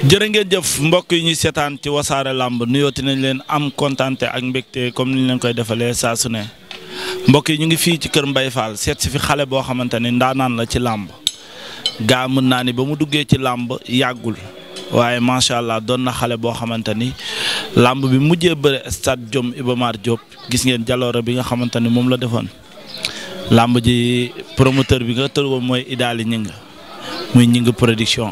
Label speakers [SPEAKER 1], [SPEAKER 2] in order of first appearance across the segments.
[SPEAKER 1] jërë ngeen jëf mbokk yi ñuy seetaan ci wasaare làmb nuyooti nañ leen am kontante ak mbégte comme ni leen koy defalee saa su ne mbokk yi ñu ngi fii ci kër Mbaye Fall seet si fi xale boo xamante ne ndaanaan la ci làmb gaa mën naa ni ba mu duggee ci làmb yàggul waaye macha allah doon na xale boo xamante ni làmb bi mujjee bëre state Jom Iba Mar Diop gis ngeen jaloore bi nga xamante ni moom la defoon làmb ji promoteur bi nga tëdd woon mooy Idaali Ñing muy Ñing production.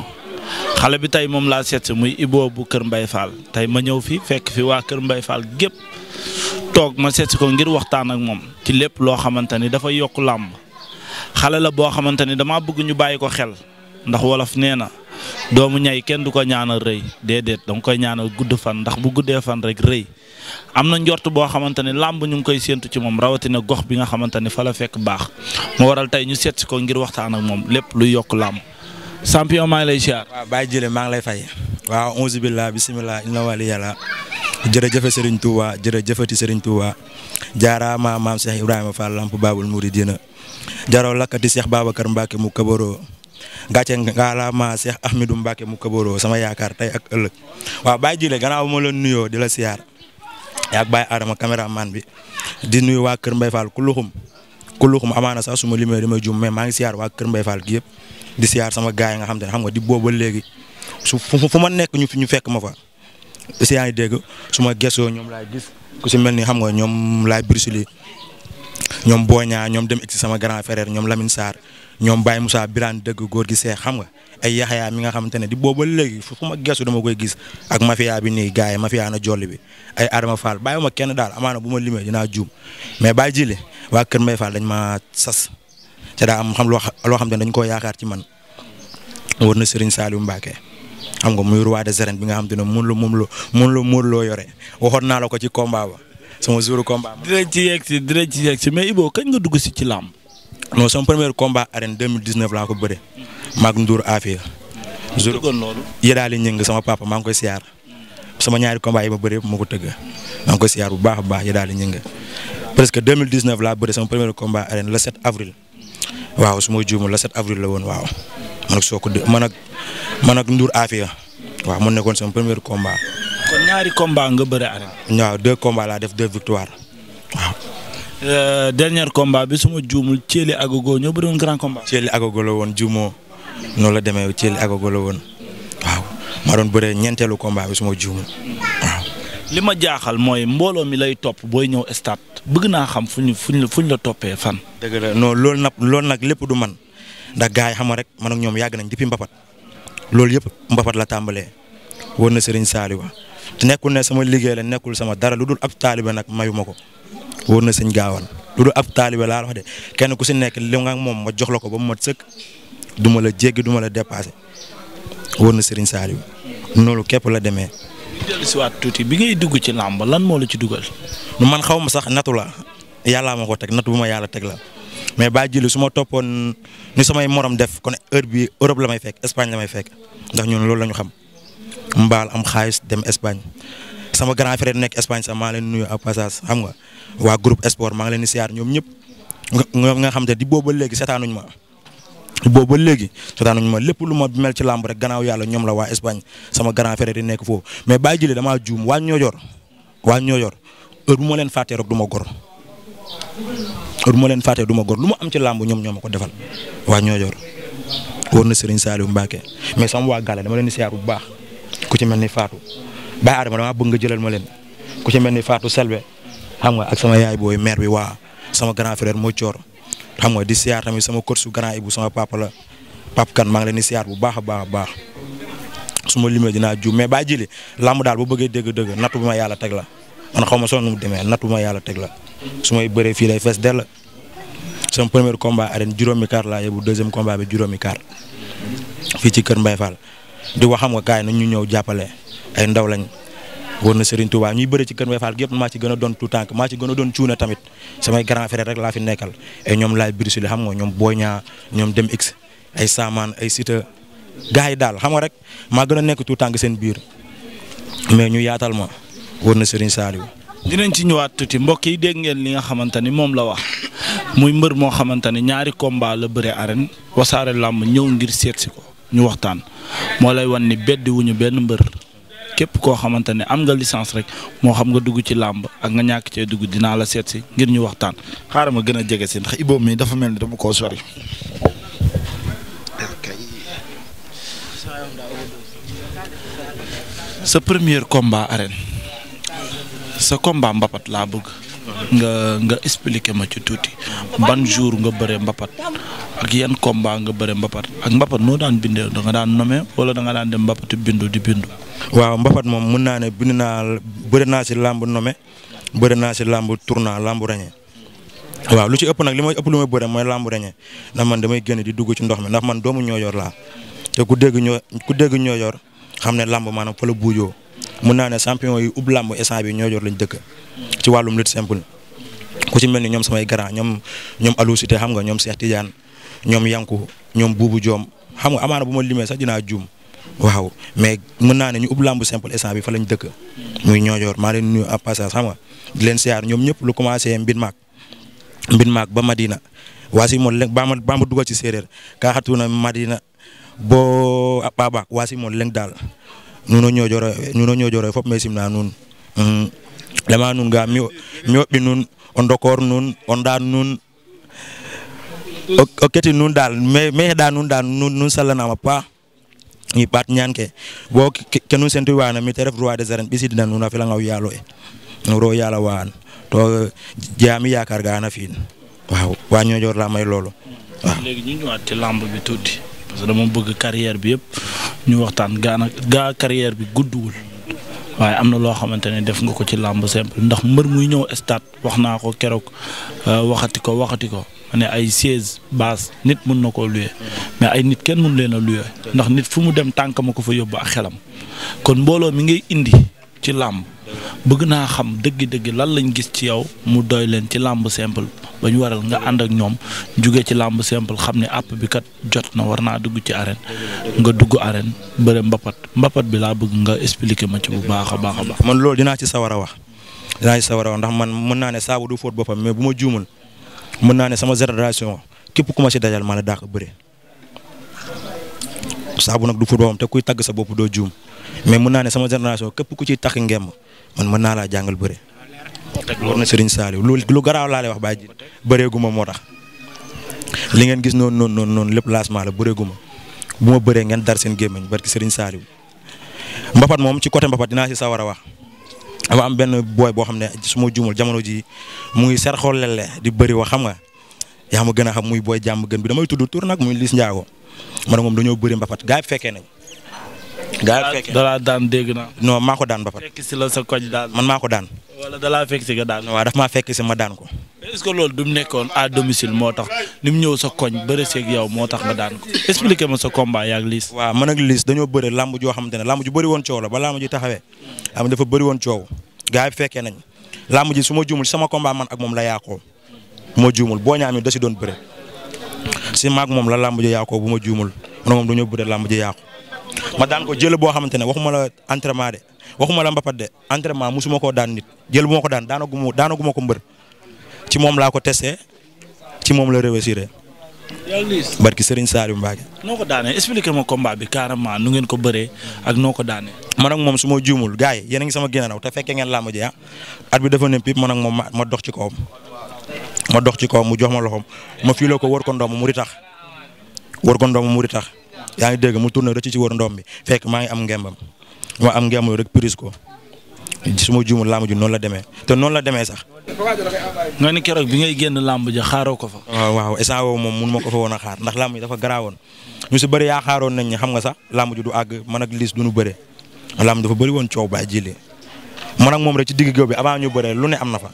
[SPEAKER 1] xale bi tey moom laa seet muy Ibo bu Kër Mbay Fall tey ma ñëw fi fekk fi waa Kër Mbay Fall gépp toog ma seet ko ngir waxtaan ak moom ci lépp loo xamante ni dafa yokk làmb xale la boo xamante ni damaa bëgg ñu bàyyi ko xel ndax wolof nee na doomu ñay kenn ko ñaanal rëy déedéet danga koy ñaanal gudd fan ndax bu guddee fan rek rëy am na njort boo xamante ne làmb ñu ngi koy séentu ci moom rawatina gox bi nga xamante ni fa la fekk baax moo waral tey ñu seet ko ngir waxtaan ak moom lépp luy yokk làmb champion maa ngi lay ziar. waaw Baye Jële
[SPEAKER 2] maa ngi lay fay. waaw onze billah bisimilah inna wali yàlla jërëjëfe Serigne Touba jërëjëfati Serigne Touba jaaraama maam Cheikh Ibrahima Babul Mouridina jaroo lakkati Cheikh Babacar Mbacke mu kabaroo gàcce ngaalaama Cheikh Ahmedou Mbacke mu kabaroo sama yaakaar tey ak ëllëg waa Baye Jële gannaaw ma la nuyoo di la siyaar yaag Baye Adama caméraman bi di nuyu waa Kër Mbaye Fall ku luxum ku luxum amaana ma limee damay juum mais maa ngi siyaar waa yëpp di siyaar sama gaay yi nga xam te ne xam nga di boobu ba léegi su fu ma nekk ñu fekk ma fa yaa ngi dégg su ma ñoom laay gis ku si mel ni xam nga ñoom laay brisili ñoom Boña ñoom dem egsi sama grand frère ñoom Lamine Sarr ñoom Baye Moussa Birane dëgg góor gi seex xam nga ay yaxayaa mi nga xamante ne di booba léegi fu ma gesu dama koy gis ak mafia bi nii gars yi mafia na jolli bi ay Adama Fall bàyyi ma kenn daal amaana bu ma limee dinaa juum mais bàyyi jile ma sas ca daa am xam loo xam ne dañ koo yaakaar ci man war na Serigne Saliou Mbacké xam nga muy roi des arènes bi nga xam te ne moom la moom la moom la Modou Lo yore waxoon naa la ko ci combat ba sama jour combat. dinañ ci yegg si dinañ ci yegg nga dugg si ci làmb. non sama premier combat arène 2019 laa ko bëre. maag Ndour Afia. jour yédaali ñëng sama papa maa maa ngi koy siyaar bu baax a baax yédaali ñëng presque 2019 laa bëre sama premier combat arène le 7 avril. waaw suma ma la set avril la woon waaw man ak soo ko man ak man ak Ndour Afia waaw mu nekkoon sama première combat.
[SPEAKER 1] kon ñaari combat nga bëre arène.
[SPEAKER 2] waaw deux combats laa def deux victoire waaw. Euh, dernier combat bi suma ma juumul Thielé Agogo ñoo bëriwoon grand combat. Thielé woon juumoo noonu la demee Thielé Agogo woon waaw ma doon ñeenteelu combat bi su ma li ma jaaxal mooy mbooloo mi lay topp booy ñëw stade. bëgg naa xam fu ñu fu la toppee fan. dëgg la non loolu nag loolu nag lépp du man ndax gars yi xam nga rek man ak ñoom yàgg nañ depuis Mbapat loolu yëpp Mbapat la tàmbalee war na Serigne saaliwa te nekkul ne sama liggéey la nekkul sama dara lu dul ab taalibe nag mayu ko war na sëñ gaawaan lu ab taalibe laa wax de kenn ku si nekk li nga moom ma jox la ko ba mu mat sëkk du ma la jéggi du ma la dépassé war na Serigne Saliou noonu képp la demee. dellu si waat tuuti bi ngay dugg ci làmb lan moo la ci dugal. man xaw ma sax natu la yàllaa ma ko teg natu bu ma yàlla teg la mais baa jili su ma toppoon ni samay morom def kon heure bi Europe la may fekk Espagne la may fekk ndax ñun loolu la ñu xam mbaal am xaalis dem Espagne sama grand frère nekk Espagne sax maa leen nuyu a passage xam nga waa groupe sport maa ngi leen di siyaar ñoom ñëpp nga nga xam te di boobu ba léegi seetaanuñ ma. boobu ba léegi ñu ma lépp lu ma mel ci làmb rek gannaaw yàlla ñoom la waa Espagne sama grand frère di nekk foofu mais baa jëlee damaa juum waa Ñoojoor waa Ñoojoor heure bu ma leen fàttee du ma gor heure bu leen fàttee du ma lu ma am ci làmb ñoom ñoo ma ko defal waa Ñoojoor wóor na Serigne Saliou Mbacke mais sama waa Gale dama leen di siyaar bu baax ku ci mel ni Fatou Baye Adama damaa bëgg nga jëlal ma leen ku ci mel ni Fatou Selbe xam nga ak sama yaay booy maire bi waa sama grand frère moo xam nga di siyaar tamit sama kot su grand Ibou sama papa la pap kan maa ngi leen di siyaar bu baax a baax a baax suma ma limee dinaa juum mais baa jili lamb daal bu bëggee dëgg-dëgg nattu bi ma yàlla teg la man xaw ma soon nu mu demee nattu bi ma yàlla teg la su may bëree fii lay fees dell sama premier combat arène juróomi kaar laa bu deuxième combat bi juróomi kaar fii ci kër Mbaye Fall di wax xam nga gars na ñu ñëw jàppale ay ndaw lañ wóor na Serigne Touba ñuy bëri ci kër Mbaye Fall gi maa ci gën a doon tout tànk maa ci gën a doon cuuna tamit samay grand frère laa fi nekkal ay ñoom laay birisuli xam nga ñoom Boña ñoom dem x ay saamaan ay sita gars yi daal xam nga rek maa gën nekk tu tànk seen biir mais ñu yaatal ma wóor na Serigne Saliou
[SPEAKER 1] dinañ ci ñëwaat tuuti mbokk yi dégg ngeen li nga xamante ni moom la wax muy mbër moo xamante ni ñaari combat la bëre arène wasaare làmb ñëw ngir seet si ko ñu waxtaan moo lay wan ni beddi wuñu benn mbër képp koo xamante ne am nga licence rek moo xam nga dugg ci làmb ak nga ñàkk cee dugg dinaa la seet si ngir ñu waxtaan xaaral ma gën a jege si ndax Ibo mi dafa mel ni dama koo sori. sa premier combat arène sa combat mbapat laa bëgg. nga nga expliquer ma ci tuuti ban jour nga bëre mbappat ak yan combat nga bëre mbapat ak mbapat noo daan bindee da daan nomé wala da nga daan dem mbapat bindu di bindu.
[SPEAKER 2] waaw mbapat moom mën naa ne bind naa bëri naa si làmb nomé bëri naa si làmb tournant làmb reñe waaw lu ci ëpp nag li may ëpp lu may bëre mooy làmb reñe ndax man damay génn di dugg ci ndox mi ndax man doomu ñoo yor laa te ku dégg ñoo ku dégg ñoo yor xam ne làmb maanaam fa la buujoo mun naa ne champion yi ub làmb instant bi ñoo jor lañ dëkk ci wàllum lutte simple ku ci mel ni ñoom samay grand ñoom ñoom Alou Cité xam nga ñoom Cheikh Tidiane ñoom Yanku ñoom Buubu Joom xam nga amaana bu ma limee sax dinaa juum waaw mais mën naa ne ñu ub làmb simple instant bi fa lañ dëkk muy ñoojoor maa leen nuyu en passage xam nga leen siyaar ñoom ñëpp lu commencé mbin maak mbin maak ba Madina waa si moom leng baa ma baa ma dugal ci séeréer kaa na Madina boo Babac waa si moom leng daal nuno ñojoro nuno ñojoro fof mi simna nuun mhm. lema nuun ga mi woɓɓi nuun o dokor nuun o ndan nuun o keti nuun me heɗa nuun dal nuun sallanama paax i ɓaat ñaan ke bo ke nuun sentu mi te ref roi des arènes ɓisidina nuun a felangaw yaalo e ro waan to jeyami yakar ga ana fi'in waaw wa ñojor la may
[SPEAKER 1] parce que dama bëgg carrière bi yëpp ñu waxtaan gaa gaa carrière bi gudduwul waaye am na loo xamante ne def nga ko ci làmb simple ndax mbër muy ñëw stade wax naa ko keroog euh, waxati ko waxati ko ne ay siège base nit mun na koo luye mais ay nit kenn mun leen a luye ndax nit fu mu dem tànk ma ko fa yóbbu ak xelam kon mbooloo mi ngay indi. ci làmb bëgg naa xam dëgg-dëgg lan lañ gis ci yow mu doy leen ci làmb simple ba ñu waral nga ànd ak ñoom jóge ci làmb simple xam ne àpp bi kat jot na war naa dugg ci arène nga dugg arène bëre mbappat
[SPEAKER 2] mbapat bi laa bëgg nga expliquer ma ci bu baax a baax a baax. man loolu dinaa ci sawar a wax dinaa ci sawar a wax ndax man mën naa ne saabu du fóot boppam mais bu ma juumul mën naa ne sama génération képp ku ma ci dajal man a daax a bëre. saabu nag du pour boppam te kuy tagg sa bopp doo juum mais mun naa ne sama génération képp ku ciy takk ngemb man mën naa laa jàngal bëre. war na Serigne Saliou lu lu garaaw laa lay wax baay ji bëreeguma moo tax li ngeen gis noonu noonu noonu noonu lépp lancement la bëreeguma bu ma bëree ngeen dar seen gémmiñ barki Serigne Saliou Mbapat moom ci côté Mbapat dinaa si sawar a wax dafa am benn booy boo xam ne suma ma jamono ji mu ngi serxool lele di bëri wax xam nga yaa ma gën a xam muy booy jàmm gën bi damay tudd tur nag muy Liss Ndiago man moom dañoo bëri mbapat gaa yi fekkee nañ. gaa yi fekkee dalaa daan dégg naa. non maa ko daan mbapat. fekk si man maa ko daan.
[SPEAKER 1] wala dalaa fekk si nga daan. waaw daf maa fekk si ma daan ko. est-ce que loolu du mu nekkoon à domicile moo tax sa
[SPEAKER 2] koñ bëre seeg yow moo tax nga daan ko ma sa combat yaa ngi liis. waaw dañoo bëre lamb joo xamante ne lamb ju bëri woon coow la ba lamb ji taxawee. bëri woon coow. gaa yi fekkee nañ lamb ji suma ma juumul sama combat man ak moom la yaakoo moo juumul boo ñaamee da si doon bëre si maak moom la làmb ji yàqoo bu ma juumul man moom dañoo bëre làmb ji yàqu ma daan ko jël boo xamante ne waxuma la entraînement de waxuma la mbapat de entraînement musuma koo daan nit jël bu ma ko daan daanaguma daanaguma ko mbër ci moom laa ko tese ci moom la réussir. yàlla liis barki Serigne Saliou Mbacké. noo ko daanee expliqué ma combat bi carrément nu ngeen ko bëree ak noo ko daanee. man ak moom su ma juumul gars yi yéen a ngi sama ginnaaw te fekkee ngeen làmb ji ah at bi dafa ne pip man moom ma dox ci kawam ma dox ci kaw mu jox ma loxoom ma fiiloo ko wër ko ndoom mu di tax wër ko ndoom mu di tax yaa ngi dégg mu tourné rëcc ci wër ndoom bi fekk maa ngi am ngembam ma am ngembam rek prise ko su ma juumul làmb noonu la demee te noonu la demee sax. nga ni keroog bi ngay génn làmb ja xaaroo ko fa. waaw waaw moom mun ma ko fa woon a xaar ndax làmb ji dafa garaawoon ñu si bëri yaa xaaroon nañ ñi xam nga sax làmb ji du àgg man ak liis du ñu bëre làmb dafa bëri woon coow ba jili man moom rek ci digg géew bi avant ñu bëree lu ne am na fa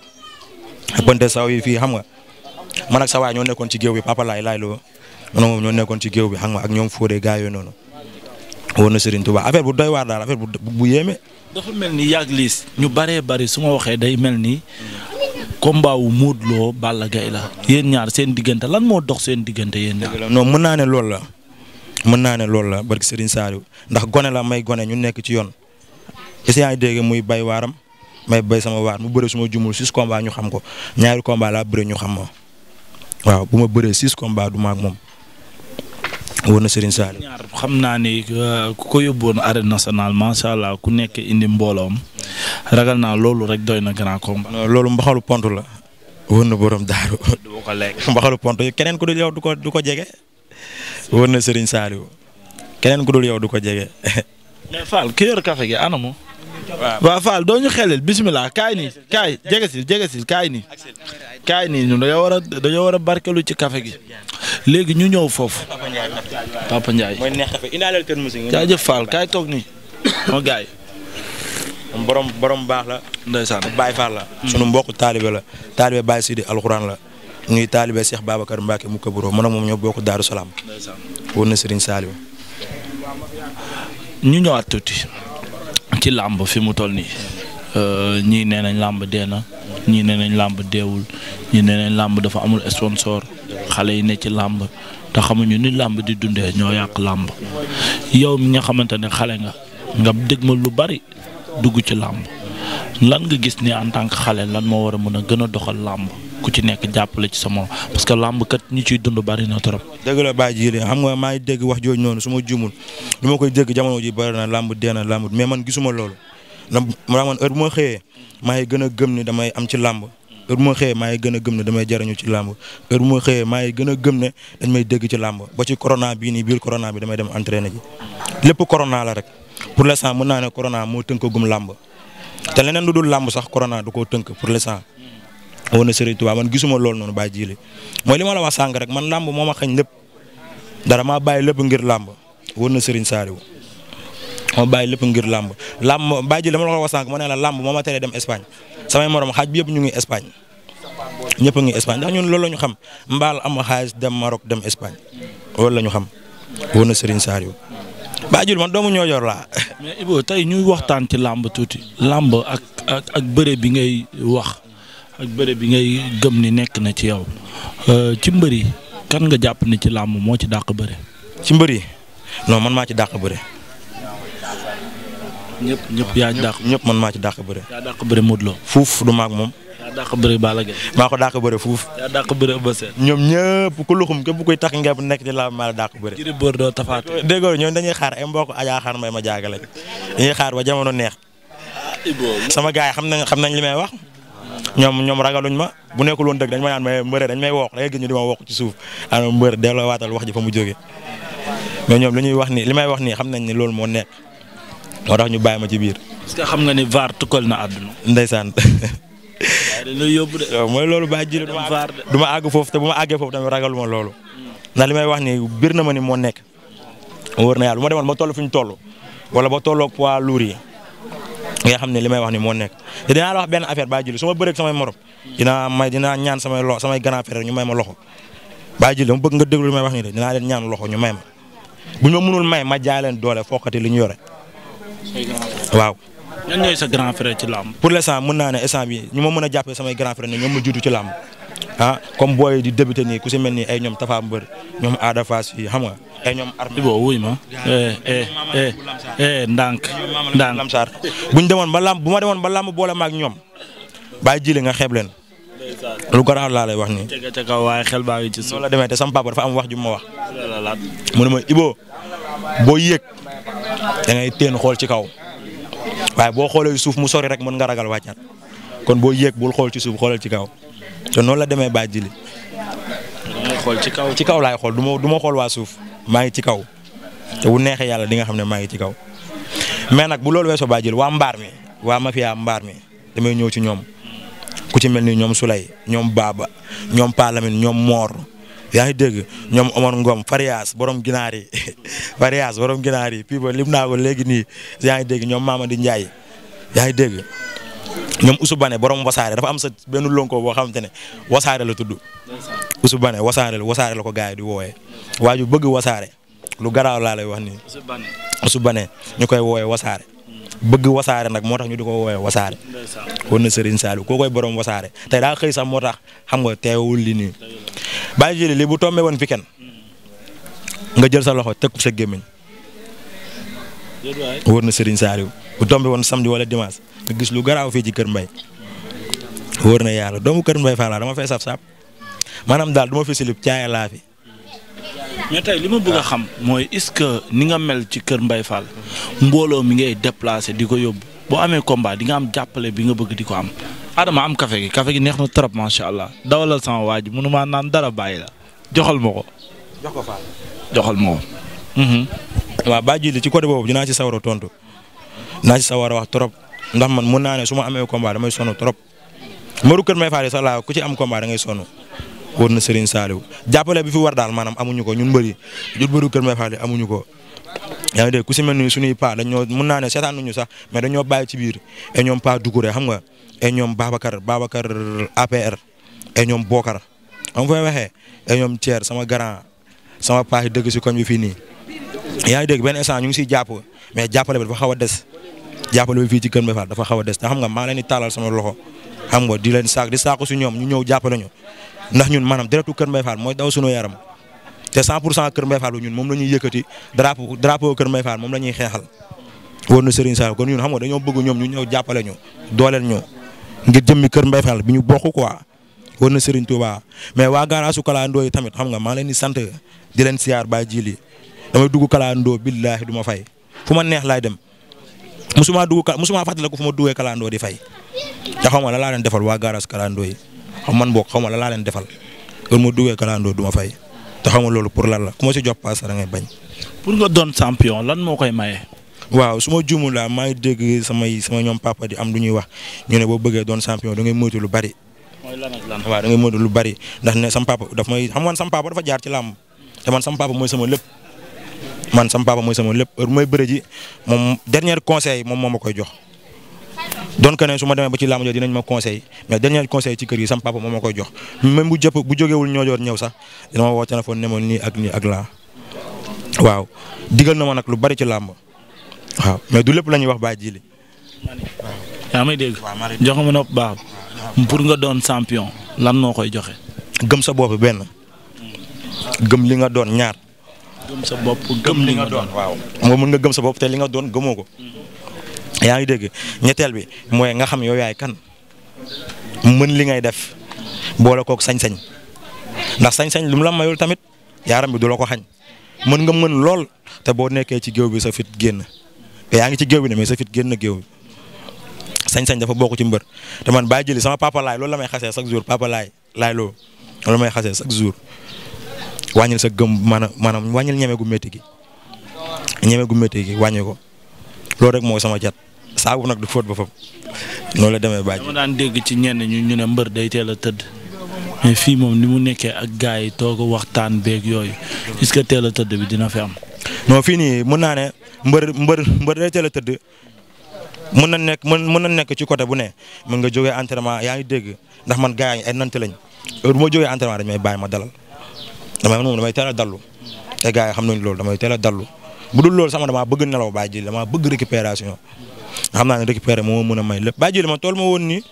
[SPEAKER 2] bënte saw yi fii xam nga man ak sa ñoo nekkoon ci géew bi papa laay laay loo man moom ñoo nekkoon ci géew bi xam nga ak ñoom Fodé gars yooyu noonu woon na Serigne Touba affaire bu doy waar daal affaire bu bu yéeme.
[SPEAKER 1] mel ni yagliis ñu bëree bëri su ma waxee day mel ni
[SPEAKER 2] combat wu Modou Lo Balla Gaye la yéen ñaar seen diggante lan moo dox seen diggante yéen ñaar. non mën naa ne loolu la mën naa ne loolu la barki Serigne Saliou ndax gone la may gone ñu nekk ci yoon. est-ce que muy bay waaram may bay sama waar mu bëre su ma jumul six combats ñu xam ko ñaari combats laa bëre ñu xam ma waaw bu ma bëree six combats du ma moom. wóor na Serigne Sall. ñaar
[SPEAKER 1] xam naa ni euh, ku ko yóbbuwoon arène nationale macha allah ku nekk indi mbooloom ragal naa loolu rek doy na grand combat.
[SPEAKER 2] loolu mbaxalu pont la. wóor na borom daaru. du ko lekk mbaxalu pont keneen ku dul yow du ko du ko jege. wóor na Serigne Saliou keneen ku dul yow du ko jege.
[SPEAKER 1] ki yor café gi anamu. waaw Fall doo ñu xelil bisimilah kaay nii kaay jege si jege si kaay nii kaay nii ñun dañoo war a dañoo war a barkelu ci café gi léegi ñu ñëw foofu. Papa Ndiaye mooy neex café indaaleel kër musique. toog nii
[SPEAKER 2] moo borom borom baax la. ndeysaan Baye Fall la. sunu mbokku taalibe la taalibe Baye Sidi alxuraan la ñuy taalibe Cheikh Babacar Mbacke mu Kaburo man ak moom ñoo bokk Daaru Salaam. ndeysaan woon na Serigne Saliou. ñu ñëwaat
[SPEAKER 1] tuuti. ci làmb fi mu toll nii euh, ñii nee nañ làmb dee na ñii nee nañ làmb deewul ñii nee nañ làmb dafa amul sponsor xale yi ne ci làmb te xamuñu ni làmb di dundee ñoo yàq làmb yow mi nga xamante ne xale nga nga dégg ma lu bari dugg ci làmb lan nga gis ni en tant que xale lan moo war a mën a gën a doxal làmb ku ci nekk jàppale ci sa parce que làmb kat ñi ciy dund bari
[SPEAKER 2] trop. dëgg la Baye Jili xam nga maa ngi wax jooju noonu su ma juumul lu ma koy dégg jamono ji bari na làmb dee na làmb ma xëyee maa ngi gën a gëm ni damay am ma xëyee maa ngi gën a ma xëyee maa ngi gën a gëm ne dañ may dégg ci làmb ba ci corona bii nii biir corona bi damay dem entraîné ji lépp corona la rek pour l'instant mën naa du ko tënk pour l'instant woon na Serigne Touba man gisuma loolu noonu bàyyi jiile mooy li ma la wax sànq rek man làmb moo ma xañ lépp dara maa bàyyi lépp ngir làmb woon na Serigne Saliou ma bàyyi lépp ngir làmb làmb bàyyi jiile dama ma ne làmb moo ma teree dem Espagne samay morom xaaj bi yëpp ñu ngi Espagne ñëpp a ngi Espagne ndax lool lo la ñu xam mbaal am xaalis dem Maroc dem Espagne loolu la ñu xam woon na Serigne Saliou bàjjul man doomu ñoo yor waxtaan ci làmb tuuti. làmb ak ak bi ngay wax.
[SPEAKER 1] ak bëre bi ngay gëm ni nekk na ci yow euh, ci mbëri kan nga jàpp ni ci làmb moo ci dàq bëre. ci mbëri
[SPEAKER 2] non man maa ci dàq bëre. ñëpp ñëpp yaa ci dàq ñëpp man maa ci dàq bëre. yaa dàq bëre Modou Lo. du maag moom. yaa dàq bëre Balla Gaye. maa ko dàq bëre fuuf. yaa dàq ñoom ñëpp ku luxum képp kuy tax nga nekk ci làmb maa la dàq bëre. jërëjëf Bor doo tafaat. déggoo ñoom dañuy xaar ay mbokk ma jaaga lañ dañuy xaar ba jamono neex. sama gars yi xam nañ xam ñoom ñoom ragaluñ ma bu nekkul woon dëgg dañ ma naan may mbëre dañ may ñu di ma wooq ci suuf ana wax ji fa mu jóge mais ñoom li ñuy wax ni li may wax nii xam nañ ni loolu moo nekk moo tax ñu bàyyi ma ci biir. xam nga ni VAR tukkal na àdduna. ndeysaan. mooy loolu bàyyi ji du ma àgg foofu te bu ma àggee foofu tamit ragaluma loolu. ndax li may wax ni biir na ma ni moo nekk. wóor na yàlla bu ma demoon toll fi ñu toll wala ba tolloog poids lourd yi nga xam ne li may wax ni moo nekk te dinaa la wax benn affaire baa julli su ma bëreeg samay morom dinaa may dinaa ñaan samay lo samay grand frère ñu may ma loxo baa julli dama bëgg nga déglu li may wax ni de dinaa leen ñaan loxo ñu may ma bu ñu ma mënul may ma jaay leen doole fokkati li ñu yore waaw
[SPEAKER 1] ñan ñooy sa grand frère ci làmb
[SPEAKER 2] pour l'instant mën naa ne instant bi ñu ma mën a jàppee samay grand frère ne ñoom ma jiitu ci làmb ah comme booy di débuté nii ku si mel nii ay ñoom Tafa Mbër ñoom Ada Fass yi xam nga ay ñoom Armé. boo wuy ma eh, eh, eh, ndànk ndànk Lamsaar bu ñu demoon ba lamb bu ma demoon ba lamb boole ma ak ñoom bàyyi jili nga xeeb leen lu garaaw laa lay wax nii. ca ca kaw waaye xel baa ngi ci suuf. la demee te sama papa dafa am wax ju ma wax. mu ne ma Ibo boo yéeg da ngay téen xool ci kaw waaye boo xoolee suuf mu sori rek mën nga ragal wàccaat kon boo yéeg bul xool ci suuf xoolal ci kaw. te noonu la demee Baye Djily. xool ci kaw ci kaw laay xool du ma du xool waa suuf maa ngi ci kaw te bu neexee yàlla di nga xam ne maa ngi ci kaw mais nag bu loolu weesoo Baye Djily waa mbaar mi waa mafia mbaar mi damay ñëw ci ñoom ku ci mel ni ñoom Souley ñoom Baba ñoom Palamine ñoom moor yaa ngi dégg ñoom Omar Ngom Farias borom ginaar yi Farias borom ginaar yi fii ba lim naa ko léegi nii yaa ngi dégg ñoom Mamadi Ndiaye yaa ngi dégg ñoom Oussou Bane borom wasaare dafa am sa benn lonko boo xamante ne wasaare la tudd Oussou Bane wasaare la wasaare la ko gars yi di wooyee waa ju bëgg wasaare lu garaaw laa lay wax nii Oussou Bane ñu koy wooyee wasaare bëgg wasaare nag moo tax ñu di ko wooyee wasaare woon na Serigne Saliou koo koy borom wasaare tey daa xëy sax moo tax xam nga teewul li nii bàyyi li bu tombé woon fi kenn nga jël sa loxo teg sa gémmiñ wóor na Serigne bu tombé woon samedi wala dimanche nga gis lu garaaw fii ci Kër Mbaye wóor na yàlla doomu Kër Mbaye Fall dama fay saf-saaf maanaam daal du ma fi silib caaya laa fi. mais tey li ma bëgg a xam mooy est-ce que ni nga mel ci Kër mbay Fall mbooloo
[SPEAKER 1] mi ngay déplacé di ko yóbbu boo amee combat di nga am jàppale bi nga bëgg di ko am. Adama am café gi café gi neex na trop macha allah dawalal sama waa ji maa naan dara bàyyi la joxal ma ko.
[SPEAKER 2] jox ko joxal ma ko. Mhm. waa baa ji li ci côté boobu dinaa ci sawar tontu. naa ci sawar a wax trop ndax man mën naa ne su ma amee combat damay sonn trop Modou Kër Mbaye Fall sax laa ku ci am combat da ngay sonn wóor na Serigne Saliou jàppale bi fi war daal maanaam amuñu ko ñun mbëri ñun Modou Kër Mbaye Fall amuñu ko. yaa ngi dégg ku si mel ni suñuy pa dañoo mën naa ne seetaanuñu sax mais dañoo bàyyi ci biir et ñoom pa Dugouré xam nga et ñoom Babacar Babacar APR et ñoom Bokar am fay waxee et ñoom Thier sama grand sama paa yi dëgg si koñ bi fii nii yaa ngi dégg benn instant ñu ngi siy jàpp mais jàppale bi dafa xaw des. jàppale bi fii ci Kër Mbaye Fall dafa xaw a des te xam nga maa leen di taalal sama loxo xam nga di leen saak di saako si ñoom ñu ñëw jàppale ñu ndax ñun maanaam deretu Kër Mbaye Fall mooy daw suñu yaram te 100 pour cent Kër Mbaye Fall ñun moom la ñuy yëkkati drapeau drapeau Kër Mbaye Fall moom la ñuy xeexal wóor na Serigne Sall kon ñun xam nga dañoo bëgg ñoom ñu ñëw jàppale ñu dooleel ñu ngir jëmmi Kër Mbaye Fall bi ñu bokk quoi wóor na Serigne Touba waa garage su Kalandoo yi tamit xam nga maa leen di sant di leen siyaar baa jili damay dugg Kalandoo billaahi du ma fay fu ma neex laay musuma dugg ka musuma fàttaliku fu ma duggee kalandoo di fay te xaw ma la laa leen defal waa garage kalandoo yi xaw man boog xaw ma la laa leen defal heure ma duggee kalandoo du ma fay te xaw ma loolu pour lan la ku ma si jox paas da ngay bañ. pour nga doon champion lan moo koy maye. waaw su ma juumul laa maa ngi dégg samay sama ñoom papa di am lu ñuy wax ñu ne boo bëggee doon champion da ngay moytu lu bari.
[SPEAKER 1] mooy lan ak lan waaw da ngay
[SPEAKER 2] moytu lu bari ndax ne sam daf may xam nga sam papa jaar ci làmb te man mooy sama lépp. man sama papa mooy sama lépp heure bu may bëre ji moom dernier conseil moom moom ma koy jox. donc ne su ma demee ba ci làmb jooju dinañ ma conseil mais dernier conseil ci kër gi sama papa koy jox même bu jëpp bu jógewul ñoo joor ñëw sax dina ma woo téléphone ne ma ak nii ak laa waaw digal na ma nag lu bari ci làmb waaw mais du lépp la ñuy wax bàyyi ji li may dégg jox ma nopp baax pour nga doon champion lan moo koy joxe. gëm sa bopp benn gëm li nga doon ñaar. gëm sa bopp gëm li nga doon waaw. moom mën nga gëm sa bopp te li nga doon gëmoo ko. Mm-hmm. yaa ngi dégg ñetteel bi mooy nga xam yow yaay kan mën li ngay def boole kook sañ-sañ ndax sañ-sañ lu mu la mayul tamit yaaram bi du la ko xañ mën nga mën lool te boo nekkee ci géew bi sa fit génn yaa ngi ci géew bi na mais sa fit génn géew bi sañ-sañ dafa bokk ci mbër te man bàyyi jëli sama papa laay loolu la may xasee chaque jour papa laay laay loo loolu may xasee chaque jour wàññil sa gëm maanaam maanaam wàññil ñeme gu métti gi ñeme métti gi wàññi ko loolu rek mooy sama jat saabu nag du fóot ba fam noonu la demee bàjj. dama
[SPEAKER 1] daan dégg ci ñenn ñu ñu ne mbër day teel a tëdd mais fii moom ni mu nekkee ak gars yi toog waxtaan beeg yooyu
[SPEAKER 2] est-ce que teel a tëdd bi dina fi am. non fii nii mën naa ne mbër mbër mbër day teel a tëdd mën na nekk mën mën na nekk ci côté bu ne mën nga jógee entraînement yaa ngi dégg ndax man gars yi ay nant lañ heure bu ma jógee entraînement dañ ma dalal. damay moom damay teel a dallu te gars yi xam nañ loolu damay teel a dallu bu dul loolu sama damaa bëgg nelaw Baye Djily damaa bëgg récupération xam naa ne récupéré moo mën a may lépp Baye Djily ma tool ma woon nii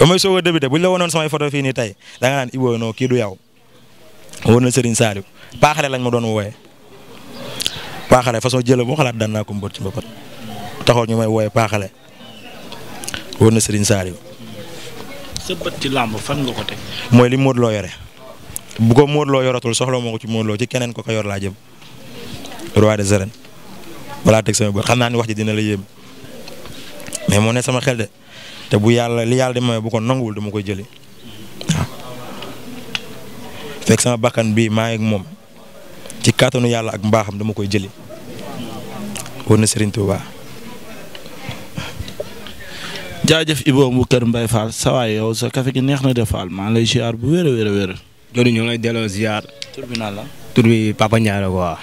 [SPEAKER 2] ba may soog a débuté buñ la wonoon samay photo fii nii tey da nga naan Ibo non kii du yow woon na Serigne Saliou paaxale lañ ma doon wooyee paaxale façon jëla boo xalaat daan naa ko mbër ci mbapat taxaw ñu may wooyee paaxale woon na Serigne Saliou.
[SPEAKER 1] sa bët ci làmb fan nga ko
[SPEAKER 2] mooy li Modou Lo bu ko Modou Lo yoratul soxla moo ko ci Modou ci keneen ko ko yor laa jëm de des arènes teg sama bët xam naa ni wax ji dina la yéem mais moo ne sama xel de te bu yàlla li yàlla di may bu ko nanguwul dama koy jëli waaw sama bakkan bi maa ngi ak moom ci kàttanu yàlla ak mbaaxam dama koy jëli war na Serigne Touba. jaajëf Ibo mu kër Mbaye Fall sa waay yow
[SPEAKER 1] kafe gi neex na de Fall maa lay ziar bu wér a Jody ñu ngi lay delloo ziar. tur bi naan la.
[SPEAKER 2] tur bi Papa Ndiaye la quoi.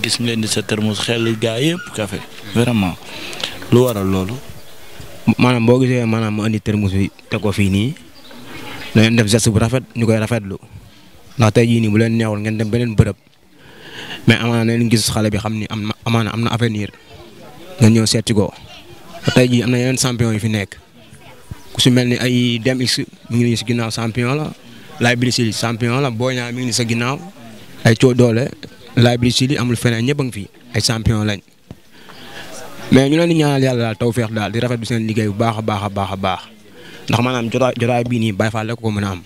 [SPEAKER 1] gis ngeen di sa termus xel gaa yëpp café
[SPEAKER 2] vraiment lu waral loolu. maanaam boo gisee maanaam mu andi termus bi teg ko fii nii da ngeen def geste bu rafet ñu koy rafetlu ndax tey jii ni bu leen neexul ngeen dem beneen bërëb mais amaana na gis xale bi xam ni am na amaana am na avenir nga ñëw seeti ko tey jii am na yeneen champion yu fi nekk ku si mel ni ay DMX mi ngi Laye Brisili champion la boo Niang mi ngi ni sa ginnaaw ay coo doole Laye Brisili amul feneen ñëpp a ngi fi ay champion lañ mais ñu leen di ñaanal yàlla daal tawféex daal di rafet du seen liggéey bu baax a baax a baax a baax ndax maanaam jotaay jotaay bii nii Baye Fall la ko mën a am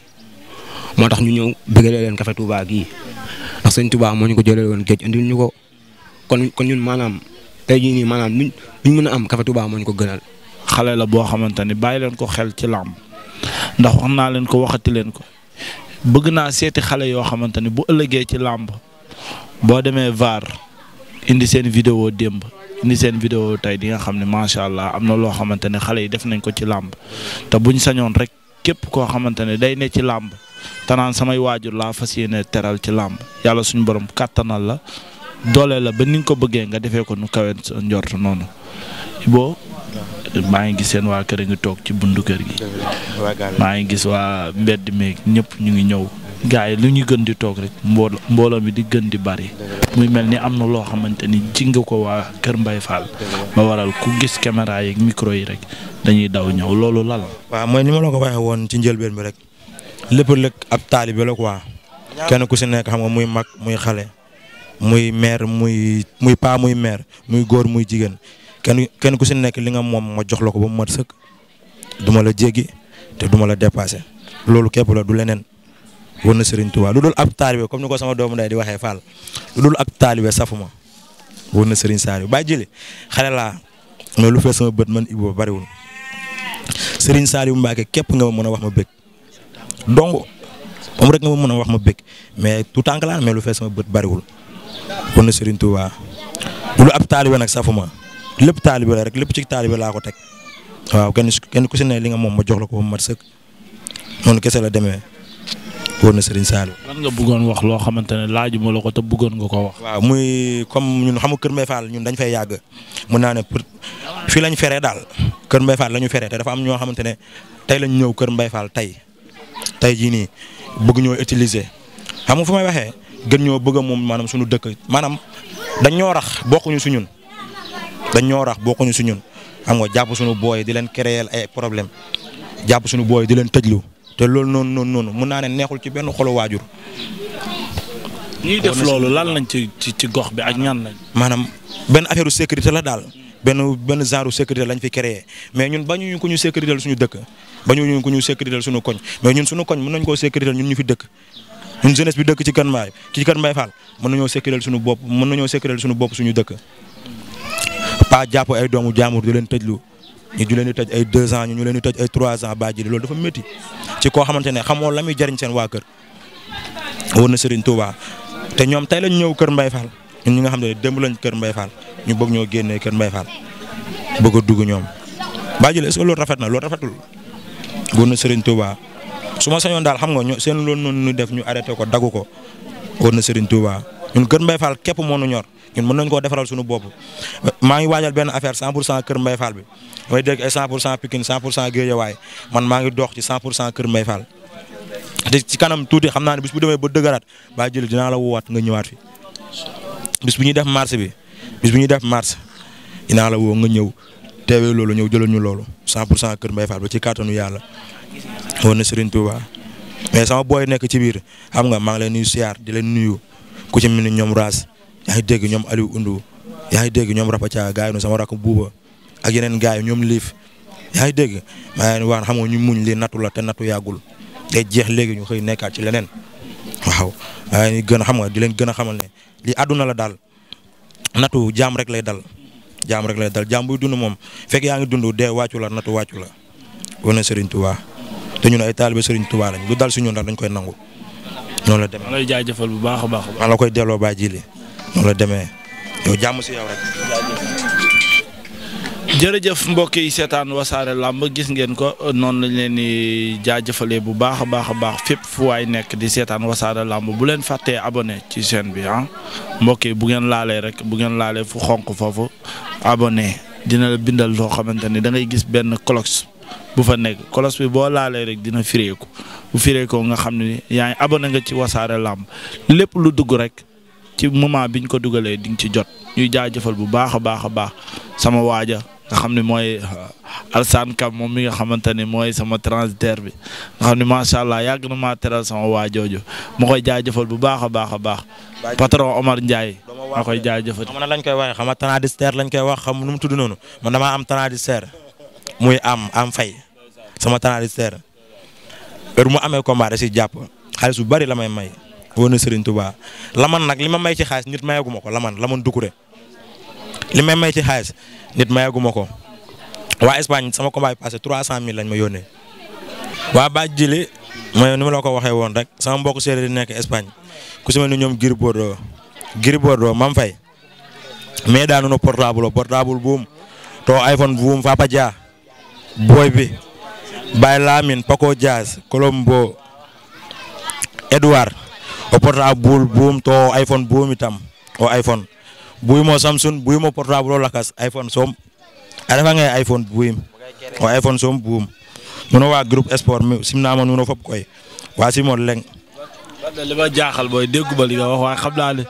[SPEAKER 2] moo tax ñu ñëw bëggalee leen Café Touba gii ndax sëñ Touba moo ñu ko jëlee woon géej indil ñu ko kon kon ñun maanaam tey jii nii maanaam luñ
[SPEAKER 1] luñ mën a am Café Touba moo ñu ko gënal. xale la boo xamante ni bàyyi leen ko xel ci làmb ndax wax naa leen ko waxati leen ko bëgg naa seeti xale yoo xamante ni bu ëllëgee ci làmb boo demee VAR indi seen vidéo démb indi seen vidéo tey di nga xam ne macha allah am na loo xamante ne xale yi def nañ ko ci làmb te buñ sañoon rek képp koo xamante ne day ne ci làmb tanaan samay waajur laa fas yéene teral ci làmb yàlla suñu borom kàttanal la doole la ba ni nga ko bëggee nga defee ko nu kawe njort noonu. maa ngi gis seen waa kër a ngi toog ci bundu kër gi. maa ngi gis waa mbedd meeg ñëpp ñu ngi ñëw. gars yi lu ñuy gën di toog rek mboolo mbooloo mi di gën di bari muy mel ni am na loo xamante ni ji nga ko waa Kër Mbaye Fall. ma
[SPEAKER 2] waral ku gis caméra yeeg micro yi rek dañuy daw ñëw loolu lal waaw mooy ni ma la ko waxee woon ci njëlbeen bi rek lépp lépp ab taalibe la quoi kenn ku si nekk xam nga muy mag muy xale muy mère muy muy paa muy mère muy góor muy jigéen kenn kenn ku si nekk li nga moom ma jox la ko ba mu mat sëkk du ma la jéggi te duma la dépassé loolu képp la du leneen war na sëriñ Touba lu dul ab taalibe comme ni ko sama doomu nday di waxee Fall lu dul ab taalibe safuma war na Serigne Saliou baa jëlee xale laa lu fee bët man Ibou bariwul Serigne Saliou Mbacke képp nga mën a wax ma bëgg donc moom rek nga ma mën a wax ma bëgg mais tout tànk laa mais lu fee bët bariwul war na Serigne Touba lu ab taalibe nag safuma. lépp taalibe la rek lépp ci taalibe laa ko teg waaw kenn kenn ku si ne li nga moom ma jox la ko ma mu mat sëkk noonu kese la demee wóor na Serigne Saliou. lan nga bëggoon wax loo xamante ne laajuma la ko te bëggoon nga ko wax. muy comme ñun xam Kër Mbaye Fall ñun dañ fay yàgg mën naa ne pour fii lañ feree daal Kër Mbaye Fall la ñu feree te dafa am ñoo xamante ne tey lañ ñëw Kër mbay faal tey tey jii nii bëgg ñoo utiliser xam nga fu may waxee gën ñoo bëgg moom maanaam suñu dëkk maanaam dañ ñoo rax bokkuñu su ñun dañ ñoo rax bokkuñu si ñun am nga jàpp suñu booy di leen créer ay problème jàpp suñu booy di leen tëjlu te loolu noonu noonu noonu mun naa ne neexul ci benn xolu waajur. ñuy def loolu lan lañ ci ci gox bi ak ñan lañ. maanaam benn affaire sécurité la daal. benn benn genre sécurité lañ fi créé mais ñun bañuñu ko ñu sécurité suñu dëkk bañuñu ko ñu sécurité suñu koñ mais ñun suñu koñ mun nañ koo sécurité ñun ñu fi dëkk. ñun jeunesse bi dëkk ci Kër Mbaye ci Kër Mbaye Fall mën nañoo sécurité suñu bopp mën nañoo sécurité suñu bopp suñu dëkk. pas jàpp ay doomu jaamur di leen lu ñu di leen di tëj ay deux ans ñu ñu leen di tëj ay trois ans baa ji loolu dafa métti ci koo xamante ne xamoo la jariñ seen waa kër wër na sëriñ Touba te ñoom tey lañ ñëw kër Mbaye Fall ñun ñi nga xam ne démb lañ kër Mbaye Fall ñu bëgg ñoo génnee kër Mbaye Fall bëgg a dugg ñoom baa ji est-ce que loolu rafet na loolu rafetul wër na sëriñ Touba su ma sañoon daal xam nga ñoo seen loolu noonu ñu def ñu arrêté ko dagu ko wër na Serigne Touba ñun kër Mbaye Fall képp moo ñor ñun mën nañu koo defaral suñu bopp maa ngi waajal benn affaire 100 pour cent Kër Mbaye Fall bi damay dégg ay 100 pour cent Pikine 100 pour cent Guédiawaye man maa ngi dox ci 100 pour cent Kër Mbaye Fall te ci kanam tuuti xam naa ne bis bu demee ba dëgëraat baa jël dinaa la woowaat nga ñëwaat fi bis bu ñuy def marche bi bis bu ñuy def marche dinaa la woo nga ñëw teewee loolu ñëw jëlal ñu loolu 100 pour cent Kër Mbaye Fall ba ci kàttanu yàlla woon na Serigne Touba mais sama booy nekk ci biir xam nga maa ngi leen nuyu siyaar di leen nuyu ku ci mel ni ñoom raas yaa ngi dégg ñoom Aliou Undu yaa ngi dégg ñoom Rapathia gars yi sama rakk buuba ak yeneen gars yi ñoom liif yaa ngi dégg maa xam nga ñu muñ li nattu la te nattu yàggul day jeex léegi ñu xëy nekkaat ci leneen waaw maa ngi gën a xam nga di leen gën a xamal ne li àdduna la daal nattu jaam rek lay dal jaam rek lay dal jaam dund moom fekk yaa ngi dund dee wàccu la nattu wàccu la wane Serigne Touba te ñun ay taalibe Serigne Touba lañ lu dal si ñun daal dañ koy nangu noonu la demee. maa ngi jaajëfal bu baax a baax. maa la koy delloo baa ji noonu demee
[SPEAKER 1] jàmm si yow rek. jërëjëf mbokk yi seetaan wasaare làmb gis ngeen ko noonu lañ leen di jaajëfalee bu baax a baax a baax fépp fu nekk di seetaan wasaare làmb bu leen fàttee abonné ci chaîne bi ah mbokk bu ngeen laalee rek bu ngeen laalee fu xonq foofu abone dina bindal loo xamante ni da gis benn cloche bu fa nekk kolos bi boo laalee rek dina firéeku bu firéekoo nga xam ne yaa ngi abonné nga ci wasaare làmb lépp lu dugg rek ci moment biñ ko dugalee di ci jot ñuy jëfal bu baax a baax a baax sama waaja nga xam ne mooy euh, Alsaan Kam moom mi nga xamante ne mooy sama transitaire bi nga xam ne macha allah yàgg na maa teral sama waajooju ma koy jaajëfal bu baax a baax a baax.
[SPEAKER 2] patron Omar Ndiaye. ma koy jaajëfal xam na lañ koy waxee xam nga transitaire lañ koy wax xam nu mu tudd noonu man damaa am transitaire muy am am fay sama transitaire heure mu amee combat da si jàpp xaalis bu bari la may may. wóor na Serigne laman nag li ma may ci xaalis nit mayagu ma ko laman laman Doucouré li may may ci xaalis nit mayagu ma ko waa Espagne sama combat bi passé 300000 lañ ma yónnee waa Baaj Jili mooy ni ma la ko waxee woon rek sama mbokk séeréer yi nekk Espagne ku si mel ni ñoom Gris Bordeaux Gris Bordeaux Mam mais daanu na portable o portable buum to iPhone buum Papa Dia boy bi Baye Lamine Paco Diaz Colombo Edouard o portable boom to iphone boom itam o iphone buyimo samsung buyimo portable o lakas iphone soom a refa nge iphone buyim o iphone soom buum nuno waa groupe sport mi simnama nuno fop koy wa simon leng
[SPEAKER 1] li ma jaaxal mooy dégguma li nga wax waaye xam
[SPEAKER 2] naa ne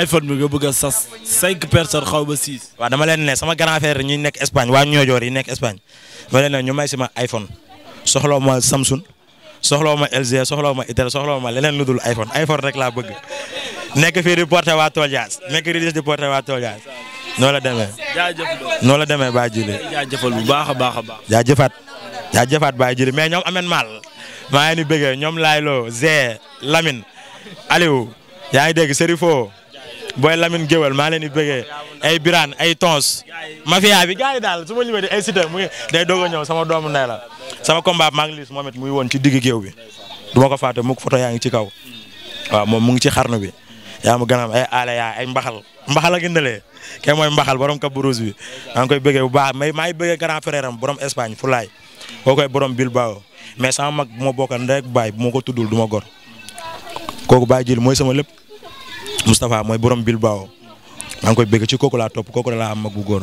[SPEAKER 2] iphone bi nga bëgg a sas cinq xaw ma six waa dama leen ne sama grand frère ñi nekk Espagne waa ñoojoor yi nekk Espagne dama leen ne ñu may sama iphone soxla ma soxlawu ma LG soxlawu ma Itel soxlawu ma leneen lu dul iPhone iPhone rek laa bëgg nekk fii di porté waa Tol Dias nekk Rydhies di porté waa Tol Dias noo la demee. jaajëf noo la demee Baye Djily. jaajëfal bu baax a baax a baax. jaajëfaat jaajëfaat Baye Djily mais ñoom ameen maal maa ngi leen di bëggee ñoom Laylo Zé Lamine Aliou yaa ngi dégg Serifo. booy Lamine Géwal maa leen di bëggee ay Birane ay Tons mafia bi gars yi daal su ma limee di ay Cité mu ngi day doog a ñëw sama doomu ndey la sama combat maa ngi lis moom muy woon ci digg géew bi du ma ko fàtte mukk photo yaa ngi ci kaw waaw moom mu ngi ci xarnu bi yaa ma gën a am ay aale yaa ay mbaxal mbaxal ak mooy mbaxal borom Cabrousse bi maa ngi koy bëggee bu baax mais maa ngi bëggee grand frère am borom Espagne Fulaay koo koy borom Bilbao mais sama mag bu ma bokkal ndey ak baay bu ma ko tuddul du ma gor kooku baay jël mooy sama lépp Moustapha mooy borom Bilbao maa ngi koy bëgg ci kooku laa topp kooku laa am mag bu góor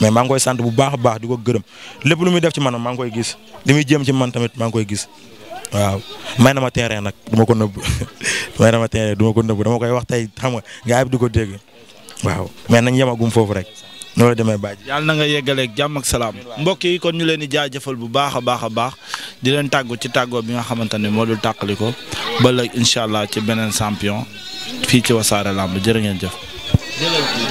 [SPEAKER 2] mais maa ngi koy sant bu baax a baax di ko gërëm lépp lu muy def ci man maa ngi koy gis li muy jéem ci man tamit maa ngi koy gis waaw may na ma terrain nag du ma ko nëbb may ma terrain du ko nëbb dama koy wax tey xam nga gars yi di ko dégg waaw mais nañ yemagum foofu rek. noo demee bàjj
[SPEAKER 1] yàlla na nga yeggaleeg jàmm ak salaam mbokk yi kon ñu leen di jaajëfal bu baax a baax a baax di leen tàggu ci tàggoo bi nga xamante ne moo dul tàqali ko ba léegi allah ci beneen champion fii ci wasaare làmb jërë ngeen jëf.